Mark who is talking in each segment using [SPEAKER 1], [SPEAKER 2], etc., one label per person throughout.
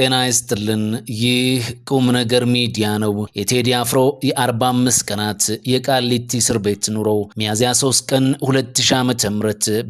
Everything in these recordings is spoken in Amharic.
[SPEAKER 1] ጤና ይስጥልን። ይህ ቁም ነገር ሚዲያ ነው። የቴዲ አፍሮ የ45 ቀናት የቃሊቲ እስር ቤት ኑሮ ሚያዝያ 3 ቀን 2000 ዓ.ም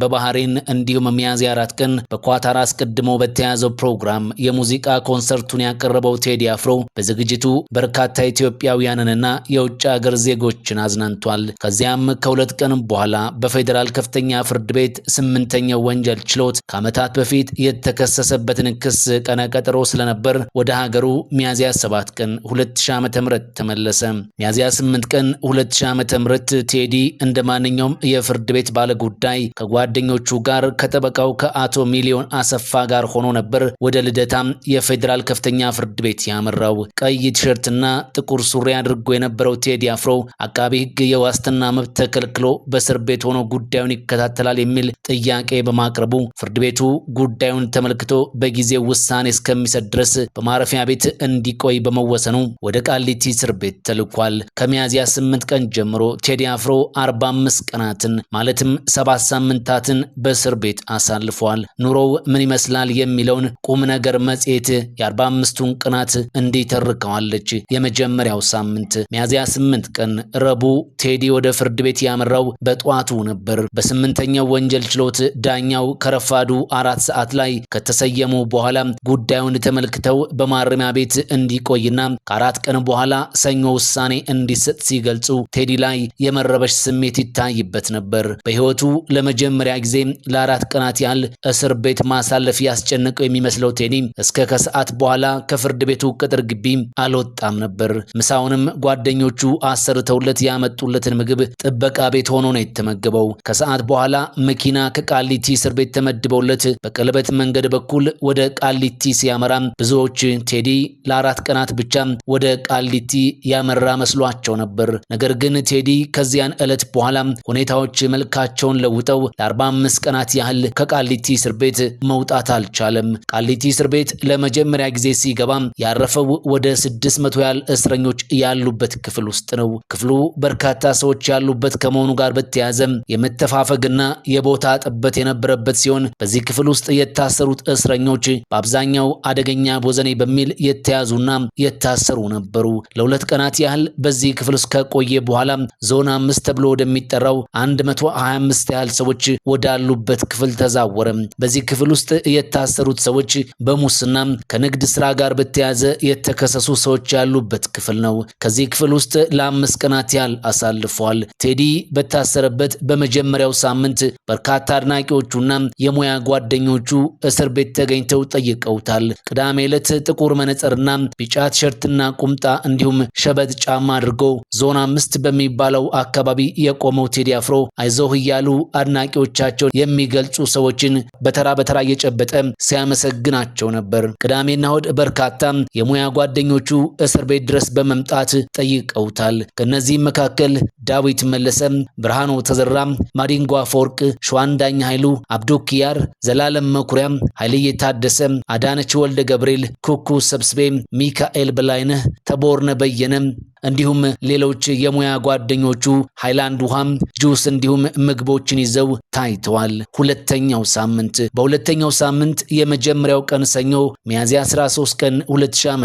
[SPEAKER 1] በባህሬን እንዲሁም ሚያዝያ 4 ቀን በኳታር አስቀድሞ በተያዘው ፕሮግራም የሙዚቃ ኮንሰርቱን ያቀረበው ቴዲ አፍሮ በዝግጅቱ በርካታ ኢትዮጵያውያንንና የውጭ አገር ዜጎችን አዝናንቷል። ከዚያም ከሁለት ቀን በኋላ በፌዴራል ከፍተኛ ፍርድ ቤት ስምንተኛው ወንጀል ችሎት ከዓመታት በፊት የተከሰሰበትን ክስ ቀነቀጠሮ ስለነበር ወደ ሀገሩ ሚያዝያ 7 ቀን 2000 ዓ.ም ተመለሰ። ሚያዝያ 8 ቀን 2000 ዓ.ም ቴዲ እንደ ማንኛውም የፍርድ ቤት ባለ ጉዳይ ከጓደኞቹ ጋር ከጠበቃው ከአቶ ሚሊዮን አሰፋ ጋር ሆኖ ነበር ወደ ልደታም የፌዴራል ከፍተኛ ፍርድ ቤት ያመራው። ቀይ ቲሸርትና ጥቁር ሱሪ አድርጎ የነበረው ቴዲ አፍሮ አቃቢ ህግ የዋስትና መብት ተከልክሎ በእስር ቤት ሆኖ ጉዳዩን ይከታተላል የሚል ጥያቄ በማቅረቡ ፍርድ ቤቱ ጉዳዩን ተመልክቶ በጊዜው ውሳኔ እስከሚሰ እስኪሰጥ ድረስ በማረፊያ ቤት እንዲቆይ በመወሰኑ ወደ ቃሊቲ እስር ቤት ተልኳል። ከሚያዝያ 8 ቀን ጀምሮ ቴዲ አፍሮ 45 ቀናትን ማለትም ሰባት ሳምንታትን በእስር ቤት አሳልፏል። ኑሮው ምን ይመስላል የሚለውን ቁም ነገር መጽሔት የ45ቱን ቀናት እንዲህ ተርከዋለች። የመጀመሪያው ሳምንት ሚያዝያ 8 ቀን ረቡዕ ቴዲ ወደ ፍርድ ቤት ያመራው በጠዋቱ ነበር። በስምንተኛው ወንጀል ችሎት ዳኛው ከረፋዱ አራት ሰዓት ላይ ከተሰየሙ በኋላ ጉዳዩን ተመልክተው በማረሚያ ቤት እንዲቆይና ከአራት ቀን በኋላ ሰኞ ውሳኔ እንዲሰጥ ሲገልጹ ቴዲ ላይ የመረበሽ ስሜት ይታይበት ነበር። በሕይወቱ ለመጀመሪያ ጊዜ ለአራት ቀናት ያህል እስር ቤት ማሳለፍ ያስጨነቀው የሚመስለው ቴዲ እስከ ከሰዓት በኋላ ከፍርድ ቤቱ ቅጥር ግቢ አልወጣም ነበር። ምሳውንም ጓደኞቹ አሰርተውለት ያመጡለትን ምግብ ጥበቃ ቤት ሆኖ ነው የተመገበው። ከሰዓት በኋላ መኪና ከቃሊቲ እስር ቤት ተመድበውለት በቀለበት መንገድ በኩል ወደ ቃሊቲ ሲያመራ ብዙዎች ቴዲ ለአራት ቀናት ብቻ ወደ ቃሊቲ ያመራ መስሏቸው ነበር። ነገር ግን ቴዲ ከዚያን ዕለት በኋላ ሁኔታዎች መልካቸውን ለውጠው ለ45 ቀናት ያህል ከቃሊቲ እስር ቤት መውጣት አልቻለም። ቃሊቲ እስር ቤት ለመጀመሪያ ጊዜ ሲገባ ያረፈው ወደ 600 ያህል እስረኞች ያሉበት ክፍል ውስጥ ነው። ክፍሉ በርካታ ሰዎች ያሉበት ከመሆኑ ጋር በተያያዘ የመተፋፈግና የቦታ ጥበት የነበረበት ሲሆን በዚህ ክፍል ውስጥ የታሰሩት እስረኞች በአብዛኛው አደገ አደገኛ ቦዘኔ በሚል የተያዙና የታሰሩ ነበሩ። ለሁለት ቀናት ያህል በዚህ ክፍል ውስጥ ከቆየ በኋላ ዞን አምስት ተብሎ ወደሚጠራው 125 ያህል ሰዎች ወዳሉበት ክፍል ተዛወረ። በዚህ ክፍል ውስጥ የታሰሩት ሰዎች በሙስና ከንግድ ስራ ጋር በተያዘ የተከሰሱ ሰዎች ያሉበት ክፍል ነው። ከዚህ ክፍል ውስጥ ለአምስት ቀናት ያህል አሳልፈዋል። ቴዲ በታሰረበት በመጀመሪያው ሳምንት በርካታ አድናቂዎቹና የሙያ ጓደኞቹ እስር ቤት ተገኝተው ጠይቀውታል። ቅዳሜ ዕለት ጥቁር መነጽርና ቢጫ ቲሸርትና ቁምጣ እንዲሁም ሸበጥ ጫማ አድርጎ ዞን አምስት በሚባለው አካባቢ የቆመው ቴዲ አፍሮ አይዞህ እያሉ አድናቂዎቻቸውን የሚገልጹ ሰዎችን በተራ በተራ እየጨበጠ ሲያመሰግናቸው ነበር። ቅዳሜና እሁድ በርካታ የሙያ ጓደኞቹ እስር ቤት ድረስ በመምጣት ጠይቀውታል። ከእነዚህም መካከል ዳዊት መለሰ፣ ብርሃኑ ተዘራ፣ ማዲንጎ አፈወርቅ፣ ሸዋንዳኝ ኃይሉ፣ አብዱ ኪያር፣ ዘላለም መኩሪያ፣ ኃይልዬ ታደሰ፣ አዳነች ወልደ ገብርኤል፣ ኩኩ ሰብስቤ፣ ሚካኤል በላይነህ፣ ተቦርነ በየነም እንዲሁም ሌሎች የሙያ ጓደኞቹ ሃይላንድ ውሃም፣ ጁስ እንዲሁም ምግቦችን ይዘው ታይተዋል። ሁለተኛው ሳምንት በሁለተኛው ሳምንት የመጀመሪያው ቀን ሰኞ ሚያዝያ 13 ቀን 2000 ዓ.ም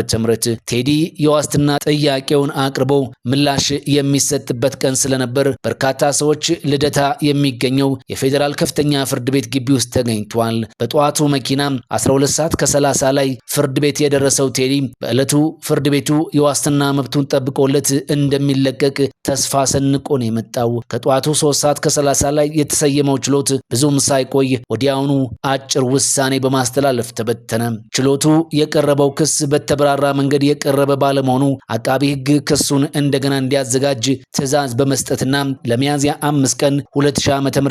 [SPEAKER 1] ቴዲ የዋስትና ጥያቄውን አቅርቦ ምላሽ የሚሰጥበት ቀን ስለነበር በርካታ ሰዎች ልደታ የሚገኘው የፌዴራል ከፍተኛ ፍርድ ቤት ግቢ ውስጥ ተገኝቷል። በጠዋቱ መኪና 12 ሰዓት ከ30 ላይ ፍርድ ቤት የደረሰው ቴዲ በዕለቱ ፍርድ ቤቱ የዋስትና መብቱን ጠብቆ ተደርጎለት እንደሚለቀቅ ተስፋ ሰንቆ ነው የመጣው። ከጠዋቱ ሶስት ሰዓት ከሰላሳ ላይ የተሰየመው ችሎት ብዙም ሳይቆይ ወዲያውኑ አጭር ውሳኔ በማስተላለፍ ተበተነ። ችሎቱ የቀረበው ክስ በተብራራ መንገድ የቀረበ ባለመሆኑ አቃቢ ሕግ ክሱን እንደገና እንዲያዘጋጅ ትዕዛዝ በመስጠትና ለሚያዝያ አምስት ቀን 2000 ዓ.ም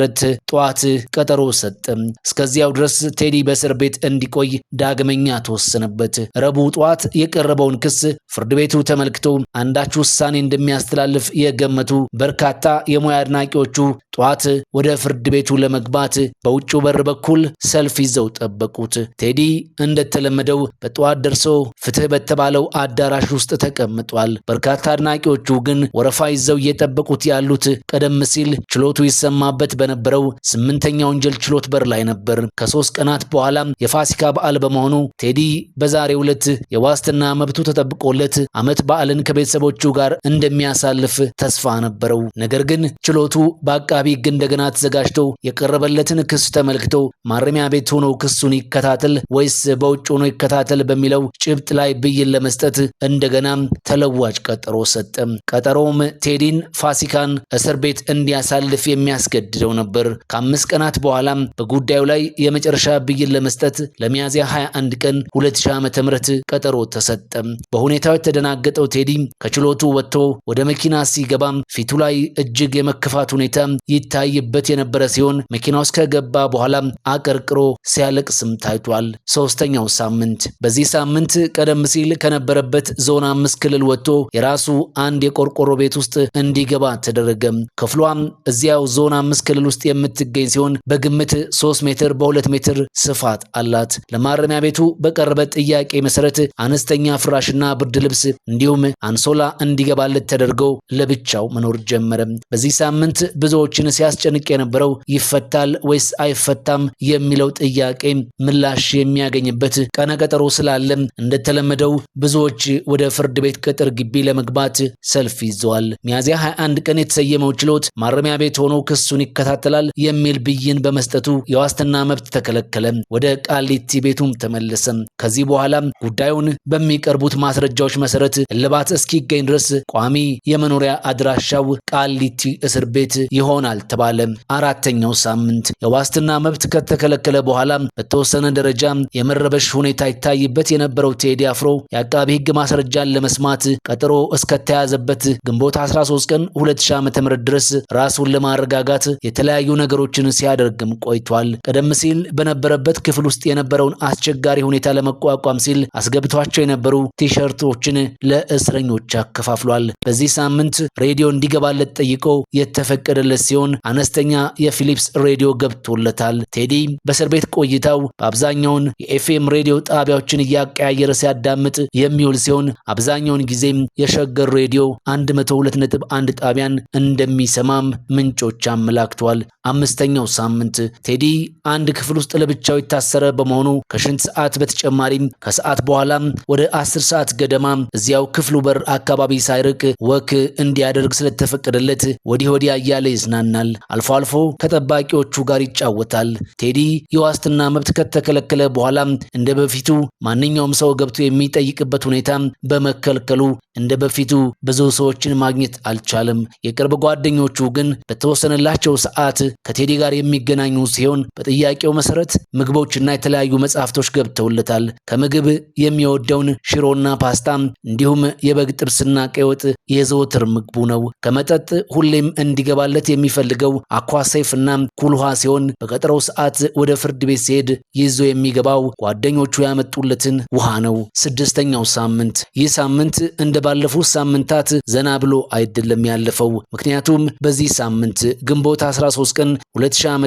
[SPEAKER 1] ጠዋት ቀጠሮ ሰጠ። እስከዚያው ድረስ ቴዲ በእስር ቤት እንዲቆይ ዳግመኛ ተወሰነበት። ረቡዕ ጠዋት የቀረበውን ክስ ፍርድ ቤቱ ተመልክቶ አንዳች ውሳኔ እንደሚያስተላልፍ የገመቱ በርካታ የሙያ አድናቂዎቹ ጠዋት ወደ ፍርድ ቤቱ ለመግባት በውጭው በር በኩል ሰልፍ ይዘው ጠበቁት። ቴዲ እንደተለመደው በጠዋት ደርሶ ፍትህ በተባለው አዳራሽ ውስጥ ተቀምጧል። በርካታ አድናቂዎቹ ግን ወረፋ ይዘው እየጠበቁት ያሉት ቀደም ሲል ችሎቱ ይሰማበት በነበረው ስምንተኛ ወንጀል ችሎት በር ላይ ነበር። ከሶስት ቀናት በኋላም የፋሲካ በዓል በመሆኑ ቴዲ በዛሬው ዕለት የዋስትና መብቱ ተጠብቆለት ዓመት በዓልን ከቤተሰቦቹ ጋር እንደሚያሳልፍ ተስፋ ነበረው። ነገር ግን ችሎቱ በአቃቢ ሕግ እንደገና ተዘጋጅቶ የቀረበለትን ክስ ተመልክቶ ማረሚያ ቤት ሆኖ ክሱን ይከታተል ወይስ በውጭ ሆኖ ይከታተል በሚለው ጭብጥ ላይ ብይን ለመስጠት እንደገናም ተለዋጭ ቀጠሮ ሰጠ። ቀጠሮውም ቴዲን ፋሲካን እስር ቤት እንዲያሳልፍ የሚያስገድደው ነበር። ከአምስት ቀናት በኋላም በጉዳዩ ላይ የመጨረሻ ብይን ለመስጠት ለሚያዝያ 21 ቀን 2000 ዓ.ም ቀጠሮ ተሰጠ። በሁኔታው የተደናገጠው ቴዲ ከችሎቱ ወጥቶ ወደ መኪና ሲ ሲገባም ፊቱ ላይ እጅግ የመከፋት ሁኔታ ይታይበት የነበረ ሲሆን መኪናው እስከገባ ከገባ በኋላ አቀርቅሮ ሲያለቅስም ታይቷል። ሶስተኛው ሳምንት በዚህ ሳምንት ቀደም ሲል ከነበረበት ዞን አምስት ክልል ወጥቶ የራሱ አንድ የቆርቆሮ ቤት ውስጥ እንዲገባ ተደረገ። ክፍሏም እዚያው ዞን አምስት ክልል ውስጥ የምትገኝ ሲሆን በግምት 3 ሜትር በ 2 ሜትር ስፋት አላት። ለማረሚያ ቤቱ በቀረበ ጥያቄ መሰረት አነስተኛ ፍራሽና ብርድ ልብስ እንዲሁም አንሶላ እንዲገባለት ተደርገው ለብ ብቻው መኖር ጀመረም። በዚህ ሳምንት ብዙዎችን ሲያስጨንቅ የነበረው ይፈታል ወይስ አይፈታም የሚለው ጥያቄ ምላሽ የሚያገኝበት ቀጠሮ ስላለም እንደተለመደው ብዙዎች ወደ ፍርድ ቤት ቅጥር ግቢ ለመግባት ሰልፍ ይዘዋል። ሚያዝያ 21 ቀን የተሰየመው ችሎት ማረሚያ ቤት ሆኖ ክሱን ይከታተላል የሚል ብይን በመስጠቱ የዋስትና መብት ተከለከለ። ወደ ቃሊቲ ቤቱም ተመለሰ። ከዚህ በኋላም ጉዳዩን በሚቀርቡት ማስረጃዎች መሰረት እልባት እስኪገኝ ድረስ ቋሚ የመኖሪያ አድራሻው ቃሊቲ እስር ቤት ይሆናል ተባለ። አራተኛው ሳምንት የዋስትና መብት ከተከለከለ በኋላ በተወሰነ ደረጃ የመረበሽ ሁኔታ ይታይበት የነበረው ቴዲ አፍሮ የአቃቢ ሕግ ማስረጃን ለመስማት ቀጠሮ እስከተያዘበት ግንቦት 13 ቀን 2000 ዓ.ም ድረስ ራሱን ለማረጋጋት የተለያዩ ነገሮችን ሲያደርግም ቆይቷል። ቀደም ሲል በነበረበት ክፍል ውስጥ የነበረውን አስቸጋሪ ሁኔታ ለመቋቋም ሲል አስገብቷቸው የነበሩ ቲሸርቶችን ለእስረኞች አከፋፍሏል። በዚህ ሳምንት ሬዲዮ እንዲገባለት ጠይቆ የተፈቀደለት ሲሆን አነስተኛ የፊሊፕስ ሬዲዮ ገብቶለታል። ቴዲ በእስር ቤት ቆይታው በአብዛኛውን የኤፍኤም ሬዲዮ ጣቢያዎችን እያቀያየረ ሲያዳምጥ የሚውል ሲሆን አብዛኛውን ጊዜም የሸገር ሬዲዮ 102.1 ጣቢያን እንደሚሰማም ምንጮች አመላክተዋል። አምስተኛው ሳምንት ቴዲ አንድ ክፍል ውስጥ ለብቻው የታሰረ በመሆኑ ከሽንት ሰዓት በተጨማሪም ከሰዓት በኋላም ወደ 10 ሰዓት ገደማ እዚያው ክፍሉ በር አካባቢ ሳይርቅ ወክ እንዲ እንዲያደርግ ስለተፈቀደለት ወዲህ ወዲያ እያለ ይዝናናል። አልፎ አልፎ ከጠባቂዎቹ ጋር ይጫወታል። ቴዲ የዋስትና መብት ከተከለከለ በኋላም እንደ በፊቱ ማንኛውም ሰው ገብቶ የሚጠይቅበት ሁኔታ በመከልከሉ እንደ በፊቱ ብዙ ሰዎችን ማግኘት አልቻለም። የቅርብ ጓደኞቹ ግን በተወሰነላቸው ሰዓት ከቴዲ ጋር የሚገናኙ ሲሆን በጥያቄው መሰረት ምግቦችና የተለያዩ መጽሐፍቶች ገብተውለታል። ከምግብ የሚወደውን ሽሮና ፓስታ እንዲሁም የበግ ጥብስና ቀይ ወጥ የዘወትር ምግቡ ነው። ከመጠጥ ሁሌም እንዲገባለት የሚፈልገው አኳ ሰይፍና ኩልሃ ሲሆን በቀጠሮው ሰዓት ወደ ፍርድ ቤት ሲሄድ ይዞ የሚገባው ጓደኞቹ ያመጡለትን ውሃ ነው። ስድስተኛው ሳምንት። ይህ ሳምንት እንደ ባለፉት ሳምንታት ዘና ብሎ አይደለም ያለፈው። ምክንያቱም በዚህ ሳምንት ግንቦት 13 ቀን 2000 ዓ.ም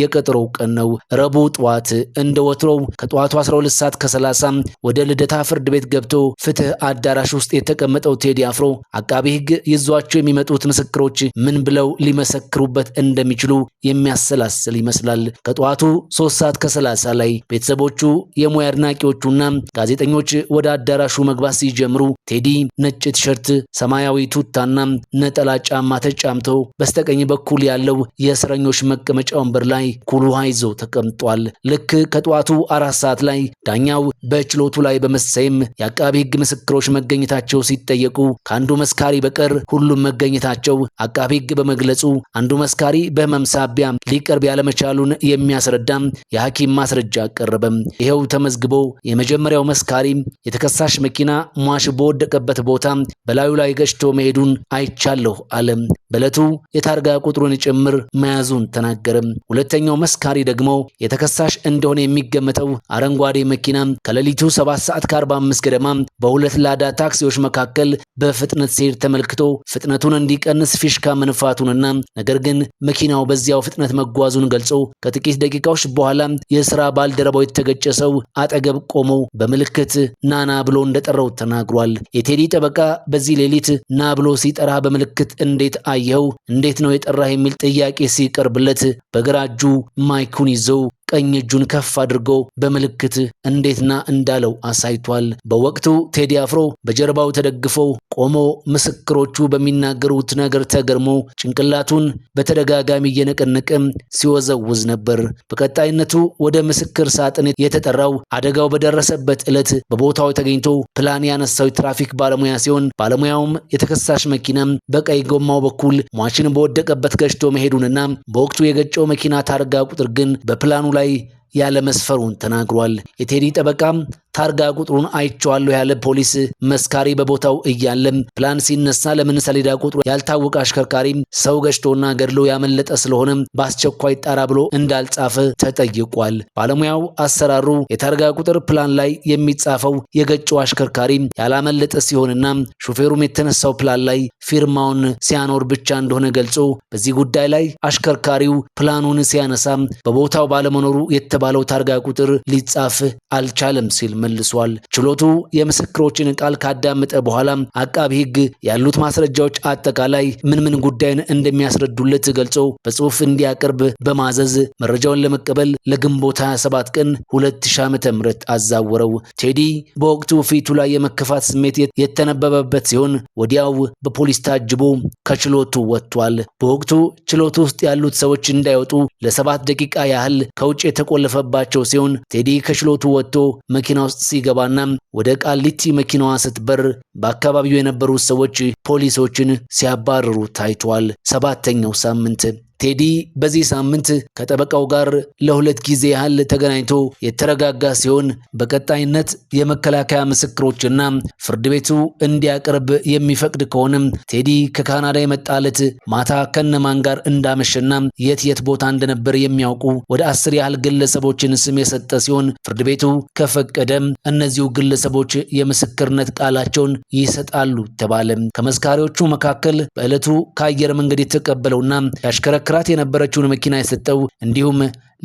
[SPEAKER 1] የቀጠሮው ቀን ነው። ረቡዕ ጠዋት እንደ ወትሮው ከጠዋቱ 12 ሰዓት ከ30 ወደ ልደታ ፍርድ ቤት ገብቶ ፍትህ አዳራሽ ውስጥ የተቀመጠው ቴዲ አፍሮ አቃቢ ሕግ ይዟቸው የሚመጡት ምስክሮች ምን ብለው ሊመሰክሩበት እንደሚችሉ የሚያሰላስል ይመስላል። ከጠዋቱ ሶስት ሰዓት ከሰላሳ ላይ ቤተሰቦቹ፣ የሙያ አድናቂዎቹና ጋዜጠኞች ወደ አዳራሹ መግባት ሲጀምሩ ቴዲ ነጭ ቲሸርት፣ ሰማያዊ ቱታና ነጠላ ጫማ ተጫምቶ በስተቀኝ በኩል ያለው የእስረኞች መቀመጫ ወንበር ላይ ኩል ውሃ ይዞ ተቀምጧል። ልክ ከጠዋቱ አራት ሰዓት ላይ ዳኛው በችሎቱ ላይ በመሰየም የአቃቢ ሕግ ምስክሮች መገኘታቸው ሲጠየቁ ከአንዱ መስካሪ በቀር ሁሉም መገኘታቸው አቃቢ ህግ በመግለጹ አንዱ መስካሪ በህመም ሳቢያ ሊቀርብ ያለመቻሉን የሚያስረዳም የሐኪም ማስረጃ አቀረበም። ይኸው ተመዝግቦ የመጀመሪያው መስካሪ የተከሳሽ መኪና ሟሽ በወደቀበት ቦታ በላዩ ላይ ገጭቶ መሄዱን አይቻለሁ አለ። በዕለቱ የታርጋ ቁጥሩን ጭምር መያዙን ተናገርም። ሁለተኛው መስካሪ ደግሞ የተከሳሽ እንደሆነ የሚገመተው አረንጓዴ መኪና ከሌሊቱ 7 ሰዓት ከ45 ገደማ በሁለት ላዳ ታክሲዎች መካከል በፍጥነት ሲሄድ ተመልክቶ ፍጥነቱን እንዲቀንስ ፊሽካ መንፋቱንና ነገር ግን መኪናው በዚያው ፍጥነት መጓዙን ገልጾ ከጥቂት ደቂቃዎች በኋላ የስራ ባልደረባው የተገጨ ሰው አጠገብ ቆሞ በምልክት ናና ብሎ እንደጠራው ተናግሯል። የቴዲ ጠበቃ በዚህ ሌሊት ና ብሎ ሲጠራ በምልክት እንዴት ካየኸው እንዴት ነው የጠራህ የሚል ጥያቄ ሲቀርብለት በግራ እጁ ማይኩን ይዘው ቀኝ እጁን ከፍ አድርጎ በምልክት እንዴትና እንዳለው አሳይቷል። በወቅቱ ቴዲ አፍሮ በጀርባው ተደግፎ ቆሞ ምስክሮቹ በሚናገሩት ነገር ተገርሞ ጭንቅላቱን በተደጋጋሚ እየነቀነቀም ሲወዘውዝ ነበር። በቀጣይነቱ ወደ ምስክር ሳጥን የተጠራው አደጋው በደረሰበት ዕለት በቦታው ተገኝቶ ፕላን ያነሳው የትራፊክ ባለሙያ ሲሆን ባለሙያውም የተከሳሽ መኪናም በቀይ ጎማው በኩል ሟችን በወደቀበት ገጭቶ መሄዱንና በወቅቱ የገጨው መኪና ታርጋ ቁጥር ግን በፕላኑ ላይ ላይ ያለመስፈሩን ተናግሯል። የቴዲ ጠበቃም ታርጋ ቁጥሩን አይቼዋለሁ ያለ ፖሊስ መስካሪ በቦታው እያለም ፕላን ሲነሳ ለምን ሰሌዳ ቁጥሩ ያልታወቀ አሽከርካሪም ሰው ገጭቶና ገድሎ ያመለጠ ስለሆነ በአስቸኳይ ጣራ ብሎ እንዳልጻፈ ተጠይቋል። ባለሙያው አሰራሩ የታርጋ ቁጥር ፕላን ላይ የሚጻፈው የገጨው አሽከርካሪ ያላመለጠ ሲሆንና ሹፌሩም የተነሳው ፕላን ላይ ፊርማውን ሲያኖር ብቻ እንደሆነ ገልጾ በዚህ ጉዳይ ላይ አሽከርካሪው ፕላኑን ሲያነሳ በቦታው ባለመኖሩ የተባለው ታርጋ ቁጥር ሊጻፍ አልቻለም ሲል መልሷል። ችሎቱ የምስክሮችን ቃል ካዳመጠ በኋላ አቃቢ ሕግ ያሉት ማስረጃዎች አጠቃላይ ምን ምን ጉዳይን እንደሚያስረዱለት ገልጾ በጽሁፍ እንዲያቀርብ በማዘዝ መረጃውን ለመቀበል ለግንቦት 27 ቀን 2000 ዓም አዛወረው። ቴዲ በወቅቱ ፊቱ ላይ የመከፋት ስሜት የተነበበበት ሲሆን ወዲያው በፖሊስ ታጅቦ ከችሎቱ ወጥቷል። በወቅቱ ችሎቱ ውስጥ ያሉት ሰዎች እንዳይወጡ ለሰባት ደቂቃ ያህል ከውጭ የተቆለፈባቸው ሲሆን ቴዲ ከችሎቱ ወጥቶ መኪና ውስጥ ውስጥ ሲገባና ወደ ቃሊቲ መኪናዋ ስትበር በአካባቢው የነበሩ ሰዎች ፖሊሶችን ሲያባርሩ ታይቷል። ሰባተኛው ሳምንት ቴዲ በዚህ ሳምንት ከጠበቃው ጋር ለሁለት ጊዜ ያህል ተገናኝቶ የተረጋጋ ሲሆን በቀጣይነት የመከላከያ ምስክሮችና ፍርድ ቤቱ እንዲያቀርብ የሚፈቅድ ከሆነም ቴዲ ከካናዳ የመጣለት ማታ ከነማን ጋር እንዳመሸና የት የት ቦታ እንደነበር የሚያውቁ ወደ አስር ያህል ግለሰቦችን ስም የሰጠ ሲሆን ፍርድ ቤቱ ከፈቀደም እነዚሁ ግለሰቦች የምስክርነት ቃላቸውን ይሰጣሉ ተባለ። ከመስካሪዎቹ መካከል በዕለቱ ከአየር መንገድ የተቀበለውና ያሽከረ ሲያሽከረክራት የነበረችውን መኪና የሰጠው እንዲሁም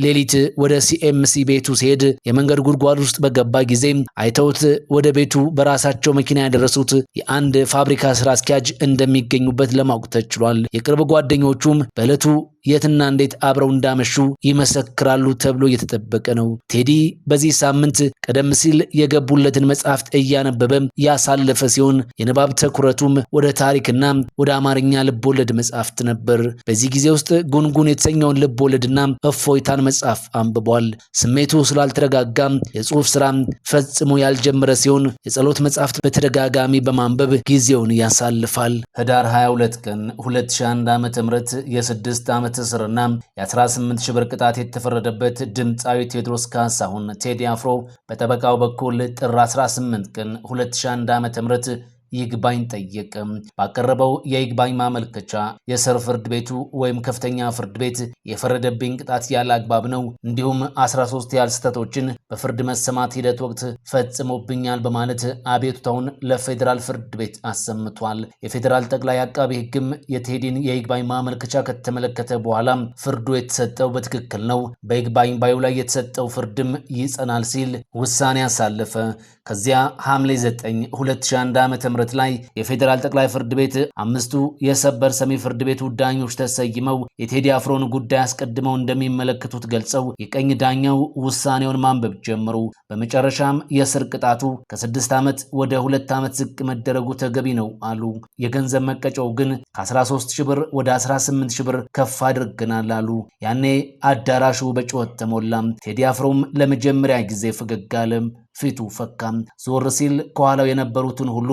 [SPEAKER 1] ሌሊት ወደ ሲኤምሲ ቤቱ ሲሄድ የመንገድ ጉድጓድ ውስጥ በገባ ጊዜ አይተውት ወደ ቤቱ በራሳቸው መኪና ያደረሱት የአንድ ፋብሪካ ስራ አስኪያጅ እንደሚገኙበት ለማወቅ ተችሏል። የቅርብ ጓደኞቹም በዕለቱ የትና እንዴት አብረው እንዳመሹ ይመሰክራሉ ተብሎ እየተጠበቀ ነው። ቴዲ በዚህ ሳምንት ቀደም ሲል የገቡለትን መጽሐፍት እያነበበ ያሳለፈ ሲሆን የንባብ ትኩረቱም ወደ ታሪክና ወደ አማርኛ ልቦለድ መጽሐፍት ነበር። በዚህ ጊዜ ውስጥ ጉንጉን የተሰኘውን ልቦለድና እፎይታን መጽሐፍ አንብቧል። ስሜቱ ስላልተረጋጋም የጽሁፍ ስራ ፈጽሞ ያልጀመረ ሲሆን የጸሎት መጽሐፍት በተደጋጋሚ በማንበብ ጊዜውን ያሳልፋል።
[SPEAKER 2] ህዳር 22 ቀን 2001 ዓ.ም የስድስት ዓመት ዓመት እስርና የ18 ሺህ ብር ቅጣት የተፈረደበት ድምፃዊ ቴዎድሮስ ካሳሁን ቴዲ አፍሮ በጠበቃው በኩል ጥር 18 ቀን 2001 ም ይግባኝ ጠየቀ። ባቀረበው የይግባኝ ማመልከቻ የስር ፍርድ ቤቱ ወይም ከፍተኛ ፍርድ ቤት የፈረደብኝ ቅጣት ያለ አግባብ ነው፣ እንዲሁም 13 ያህል ስህተቶችን በፍርድ መሰማት ሂደት ወቅት ፈጽሞብኛል በማለት አቤቱታውን ለፌዴራል ፍርድ ቤት አሰምቷል። የፌዴራል ጠቅላይ አቃቢ ሕግም የቴዲን የይግባኝ ማመልከቻ ከተመለከተ በኋላ ፍርዱ የተሰጠው በትክክል ነው፣ በይግባኝ ባዩ ላይ የተሰጠው ፍርድም ይጸናል ሲል ውሳኔ አሳለፈ። ከዚያ ሐምሌ 9 2001 ዓ.ም ላይ የፌዴራል ጠቅላይ ፍርድ ቤት አምስቱ የሰበር ሰሚ ፍርድ ቤት ዳኞች ተሰይመው የቴዲ አፍሮን ጉዳይ አስቀድመው እንደሚመለከቱት ገልጸው የቀኝ ዳኛው ውሳኔውን ማንበብ ጀመሩ። በመጨረሻም የእስር ቅጣቱ ከስድስት ዓመት ወደ ሁለት ዓመት ዝቅ መደረጉ ተገቢ ነው አሉ። የገንዘብ መቀጫው ግን ከ13 ሺህ ብር ወደ 18 ሺህ ብር ከፍ አድርገናል አሉ። ያኔ አዳራሹ በጩኸት ተሞላም። ቴዲ አፍሮም ለመጀመሪያ ጊዜ ፈገግ አለም። ፊቱ ፈካም። ዞር ሲል ከኋላው የነበሩትን ሁሉ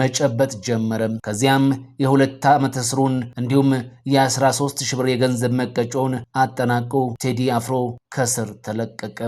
[SPEAKER 2] መጨበጥ ጀመረ። ከዚያም የሁለት ዓመት እስሩን እንዲሁም የ13 ሺህ ብር የገንዘብ መቀጮውን አጠናቆ ቴዲ አፍሮ ከስር ተለቀቀ።